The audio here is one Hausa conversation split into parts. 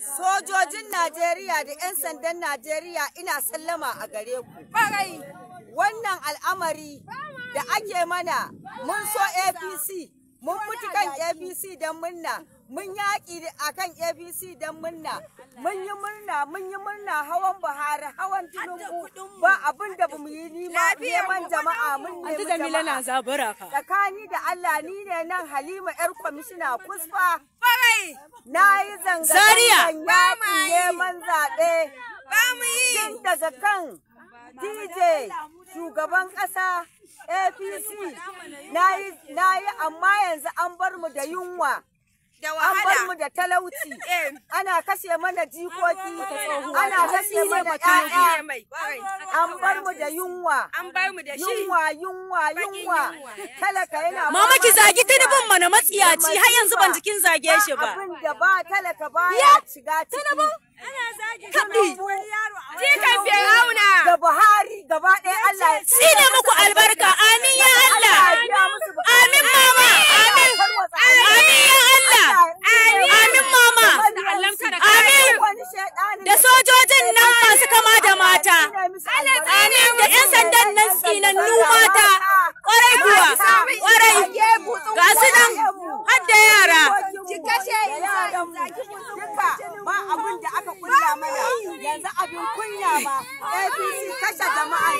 Sojojin Najeriya da 'yan sandan Najeriya ina sallama a gare ku. Wannan al'amari da ake mana mun so APC, mun fiti kan APC don murna, mun yaƙi a kan APC don murna, mun yi murna, mun yi murna hawan Buhari, hawan Tinubu ba abin da bamu yi nima neman jama'a mun nemi jama'a. Tsakani da Allah ni ne nan Halima 'yar kwamishina kusfa. na yi zanga-zangan yaƙin neman zaɓe tun daga kan DJ shugaban ƙasa APC na yi amma yanzu an bar mu da yunwa da wahala an mu da talauci eh. ana kashe mana jikoki ana kashe mana ƴaƴa an bar mu da yunwa yunwa yunwa yunwa talaka yana mama ki zagi tinubin mana matsiyaci har yanzu ban jikin zage shi ba abin da ba talaka ba ya shiga tinubin ana zagi kabi jikan Firauna da Buhari gaba ɗaya Allah ya tsine da sojojin nan masu kama da mata amin da 'yan sandan nan tsinannu mata ƙwarai kuwa ƙwarai mu duka ba da aka kulla mana yanzu abin kunya ba abc kashe jama'an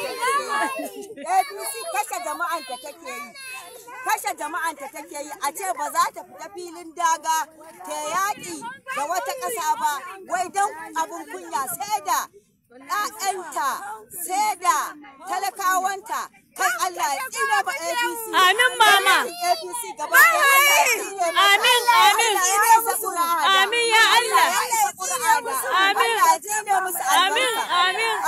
da take yi kashe jama'an take yi a ce ba za ta fita filin daga ta yaƙi da wata ƙasa ba wai don abin kunya sai da ‘ya'yanta sai da talakawanta kan Allah ya ba Amin mama. Amin amin. musu albarka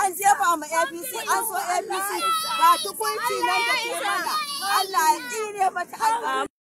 an jefa ma apc an so apc ga tukunci nan da ke mana allah ya ne mata albarka